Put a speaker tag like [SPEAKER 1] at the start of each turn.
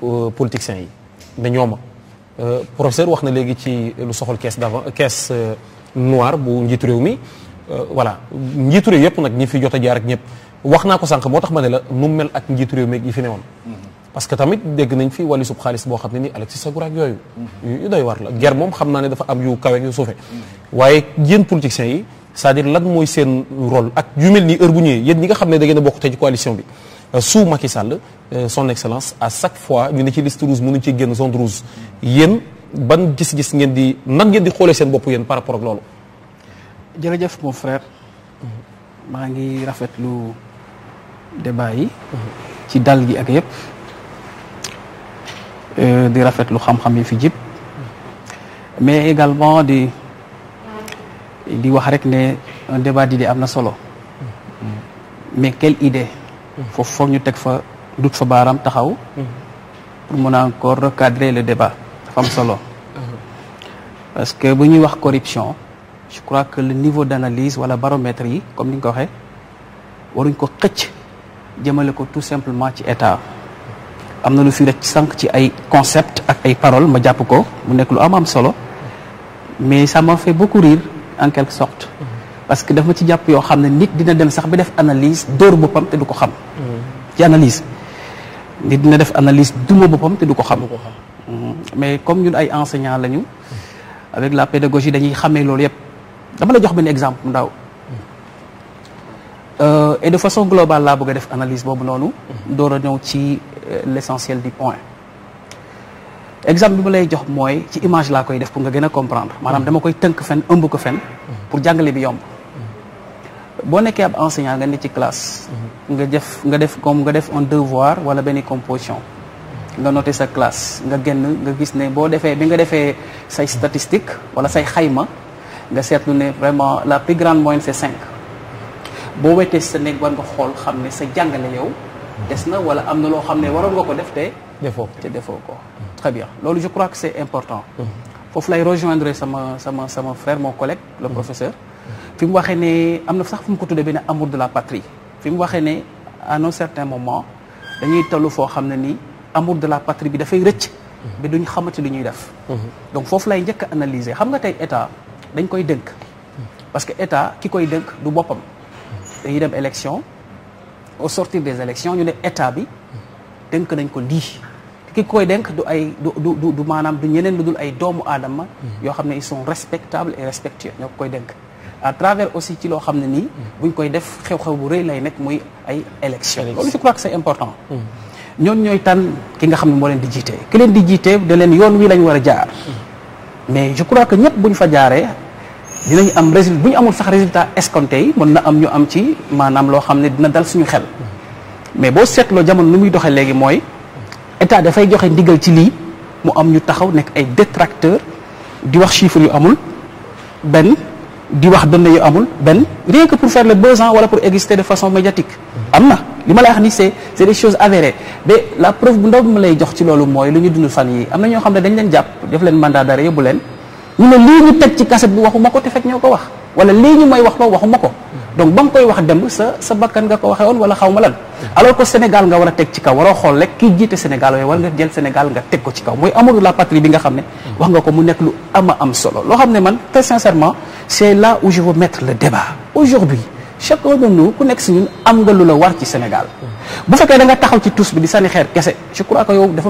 [SPEAKER 1] Euh, politiciens yi ne ñooma euh, professeur wax na léegi ci lu soxal caisse d'avant caisse euh, noire bu njiitu réew mi voilà njiitu réew yëpp nag ñi fi jot a jaar ak ñëpp wax naa ko sànq moo tax ma ne la nu mel ak njiitu réew meeg yi fi newoon mm-hmm. parce que tamit dégg nañ fi wàllu sub xaalis boo xam ne ni Alexis Sagoura ak yooyu mm-hmm. yu doy war la guerre moom xam naa ne dafa am yu kaweeg yu suufe mm-hmm. waaye yéen politiciens yi c'est-à-dire lan mooy seen rol ak yu mel nii heure bu ñëwee yéen xam ne da ngeen a te ci bi Euh, sous Macky Sall euh, son excellence à chaque fois ñu ne ci liste rouge mënuñ ci génn zone rouge yéen ban gis-gis ngeen di nan ngeen di xoolee seen bopp yéen par rapport ak loolu.
[SPEAKER 2] jërëjëf mon frère maa ngi rafetlu débat yi. Mhm.
[SPEAKER 1] ci dal gi ak yëpp
[SPEAKER 2] euh, di rafetlu xam-xam yi fi jib mais également di di wax rek ne un débat d'idées am na solo mhm. mais quelle idée foofu foog ñu teg fa dut fa baaraam taxaw pour mën a encore recadrer le débat dafa am solo parce que bu ñuy wax corruption je crois que le niveau d'analyse wala baromètre yi comme ni ko waxee waruñ ko xëcc jëmale ko tout simplement ci état am na lu fi rek sànq ci ay concept ak ay parole ma jàpp ko mu nekk lu am am solo mais ça m'a fait beaucoup en quelque sorte parce que dafa ma ci jàpp yoo xam ne nit dina dem sax bi def analyse dóor boppam te du ko xam. ci analyse nit dina def analyse duma boppam te du ko xam. Mm. mais comme ñun ay enseignants lañu. avec la pédagogie dañuy xamee loolu yëpp dama la jox benn exemple ndaw. Euh, et de façon globale laa bëgg a def analyse boobu noonu. door a ci euh, l'essentiel du point. exemple bi ma lay jox mooy ci image laa koy def pour nga gën a comprendre maanaam dama koy tënk fen ëmb ko fen pour jàngale bi yomb. boo nekkee ab enseignant nga ne ci classe. Mhm. nga def nga def comme nga def un devoir wala benn composition. nga noté sa classe nga génn nga gis ne boo defee bi nga defee say statistique wala say xayma nga seetlu ne vraiment la plus grande moyenne c'est cinq boo wetee sa néeg war nga xool xam ne sa jàngale yow des na wala am na loo xam ne waroon nga ko def te defoo te defoo ko très bien loolu je crois que c'est important mhm. foofu lay rejoindre sama sama sama frère mon collègue le mhm. professeur fi mu waxee ne am na sax fu mu ko tuddee ne amour de la patrie fi mu waxee ne à non certain moment dañuy tollu foo xam ne ni amour de la patrie bi dafay rëcc. Mhm. ba duñ xamati lu ñuy def. Mhm. donc foofu lay njëkk a analyser xam nga tey état dañ koy dënk. Mhm. parce que état ki koy dënk du boppam. dañuy dem élection au sortir des élections ñu ne état bi dënk nañ ko lii. ki koy denk du ay du du du maanaam du ñeneen lu dul ay doomu aadama. yoo xam ne ils son respectables et respectueux ñoo koy denk à travers aussi ci loo xam ne nii mm. buñ koy def xew-xew bu rëy lay nekk muy ay élection loolu je crois que c'est important mm. ñoon ñooy tan ki nga xam ne moo leen di jiite ki leen di jiite da leen yoon wi lañ war a jaar
[SPEAKER 1] mm.
[SPEAKER 2] mais je crois que ñëpp buñ fa jaaree dinañ am résultat bu ñu amul sax résultat escompté yi mën na am ñu am ci maanaam loo xam ne dina dal suñu xel mais boo seetloo jamono ni muy doxee léegi mooy état dafay joxe ndigal ci lii mu am ñu taxaw nekk ay détracteur di wax chiffres yu amul benn di wax données yu amul benn rien que pour faire le buzz wala pour exister de façon médiatique am na li ma la wax ni c'est c'est des choses avérées mais la preuve bu ndaw bi ma lay jox ci loolu mooy lu ñu dund fan yi am na ñoo xam ne dañ leen jàpp def leen mandat d'arrêt yóbbu leen ñu ne lii ñu teg ci kaset bi waxuma ko te fekk ñoo ko wax wala lii ñu may wax loo waxuma ko donc ba nga koy wax demb sa sa bakkan nga ko waxee woon wala xaw lan alors que Sénégal nga war a teg ci kaw waroo xool rek kii jiite Sénégal war nga jël Sénégal nga teg ko ci kaw mooy amour la patrie bi nga xam ne wax nga ko mu nekk lu ama am solo loo xam ne man très sincèrement c'est là où mettre le débat aujourd'hui chacun de nous ku nekk si ñun
[SPEAKER 1] am nga lu la war ci Sénégal bu fekkee da taxaw ci tous bi di sànni xeer kese je crois que yow